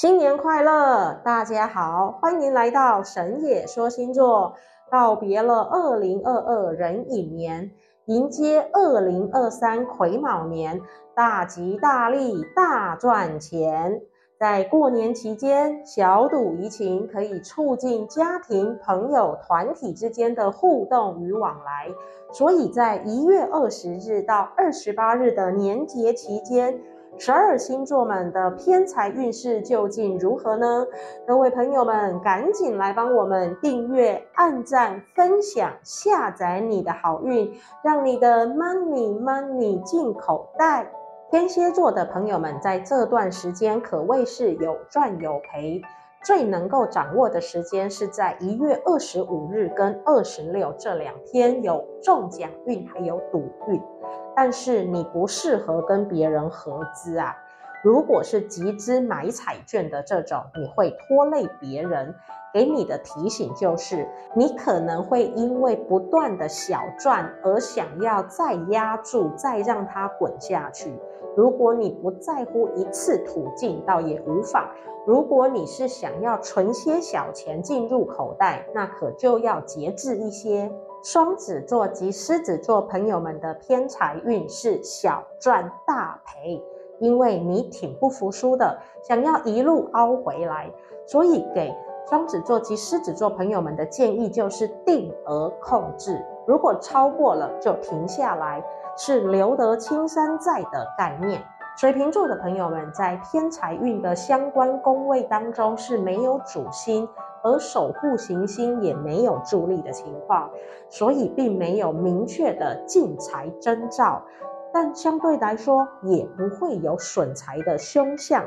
新年快樂！大家好，歡迎來到神野說星座。告別了二零二二壬寅年，迎接二零二三癸卯年，大吉大利大賺錢。在過年期間，小賭怡情，可以促進家庭、朋友、團體之間的互動與往來，所以在一月二十日到二十八日的年節期間，十二星座們的偏財運勢究竟如何呢？各位朋友們，趕緊來幫我們訂閱、按讚、分享、下載，你的好運，讓你的 money money 進口袋。天蠍座的朋友們，在這段時間可謂是有賺有賠，最能夠掌握的時間是在一月二十五日跟二十六這兩天，有中獎運，還有賭運。但是你不適合跟別人合資啊！如果是集資買彩券的這種，你會拖累別人。給你的提醒就是，你可能會因為不斷的小賺而想要再壓住，再讓它滾下去。如果你不在乎一次吐盡，倒也無妨；如果你是想要存些小錢進入口袋，那可就要節制一些。雙子座及獅子座朋友們的偏財運是小賺大賠，因為你挺不服輸的，想要一路凹回來，所以給雙子座及獅子座朋友們的建議就是定額控制，如果超過了就停下來，是留得青山在的概念。水瓶座的朋友們在偏財運的相關宮位當中是沒有主星。而守護行星也沒有助力的情況，所以並沒有明確的進財徵兆，但相對來說也不會有損財的凶相，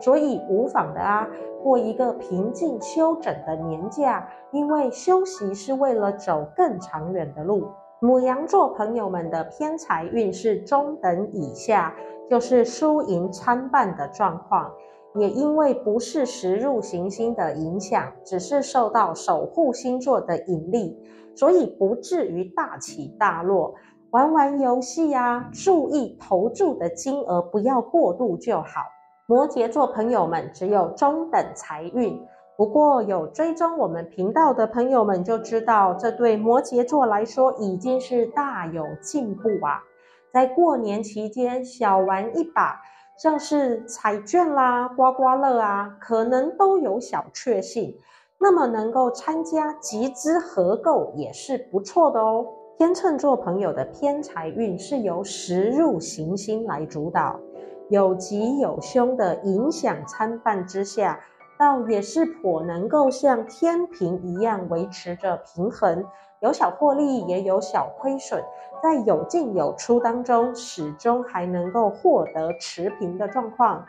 所以無妨的啊，過一個平靜休整的年假，因為休息是為了走更長遠的路。牡羊座朋友們的偏財運是中等以下，就是輸贏參半的狀況。也因為不是食入行星的影響，只是受到守護星座的引力，所以不至於大起大落。玩玩遊戲啊，注意投注的金額不要過度就好。摩羯座朋友們，只有中等財運，不過有追蹤我們頻道的朋友們就知道，這對摩羯座來說已經是大有進步啊！在過年期間，小玩一把。像是彩券啦、啊、刮刮樂啊，可能都有小確幸。那麼能夠參加集資合購也是不錯的哦。天秤座朋友的偏財運是由食入行星來主導，有吉有凶的影響參半之下。倒也是頗能夠像天秤一樣維持着平衡，有小獲利也有小虧損，在有進有出當中，始終還能夠獲得持平的狀況。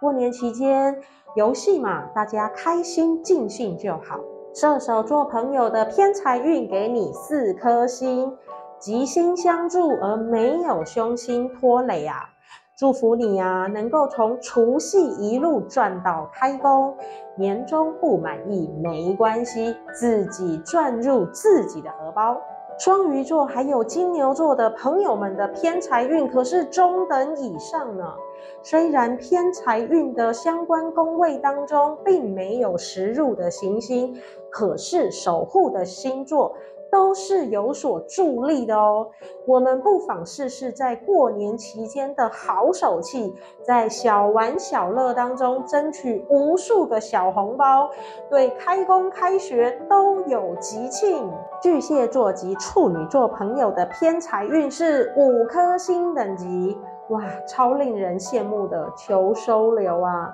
過年期間遊戲嘛，大家開心盡興就好。射手座朋友的偏財運給你四顆星，吉星相助而沒有凶星拖累啊。祝福你呀、啊，能夠從除夕一路賺到開工。年終不滿意沒關係，自己賺入自己的荷包。雙魚座還有金牛座的朋友們的偏財運可是中等以上呢、啊。雖然偏財運的相關宮位當中並沒有實入的行星，可是守護的星座。都是有所助力的哦，我們不妨試試在過年期間的好手氣，在小玩小樂當中爭取無數個小紅包，對開工開學都有吉慶。巨蟹座及處女座朋友的偏財運是五顆星等級。哇，超令人羨慕的求收留啊！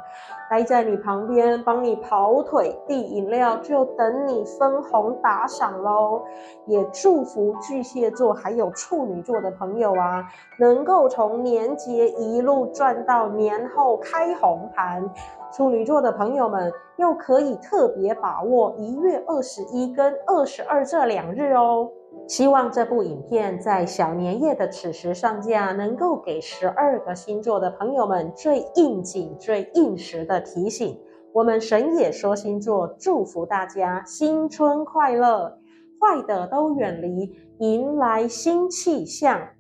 待在你旁邊，幫你跑腿遞飲料，就等你分紅打賞嘍！也祝福巨蟹座還有處女座的朋友啊，能夠從年節一路賺到年後開紅盤。處女座的朋友們又可以特別把握一月二十一跟二十二這兩日哦！希望這部影片在小年夜的此時上架，能夠給時。十二個星座的朋友們，最應景、最應時的提醒，我們神野說星座祝福大家新春快樂，壞的都遠離，迎來新氣象。